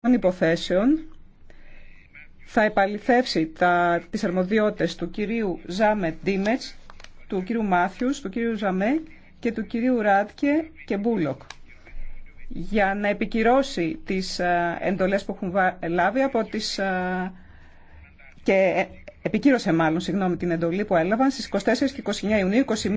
των υποθέσεων θα επαληθεύσει τα, τις αρμοδιότητες του κυρίου Ζάμε Ντίμετς, του κυρίου Μάθιους, του κυρίου Ζαμέ και του κυρίου Ράτκε και Μπούλοκ για να επικυρώσει τις ε, εντολές που έχουν λάβει από τις... Ε, και ε, επικύρωσε μάλλον, συγγνώμη, την εντολή που έλαβαν στις 24 και 29 Ιουνίου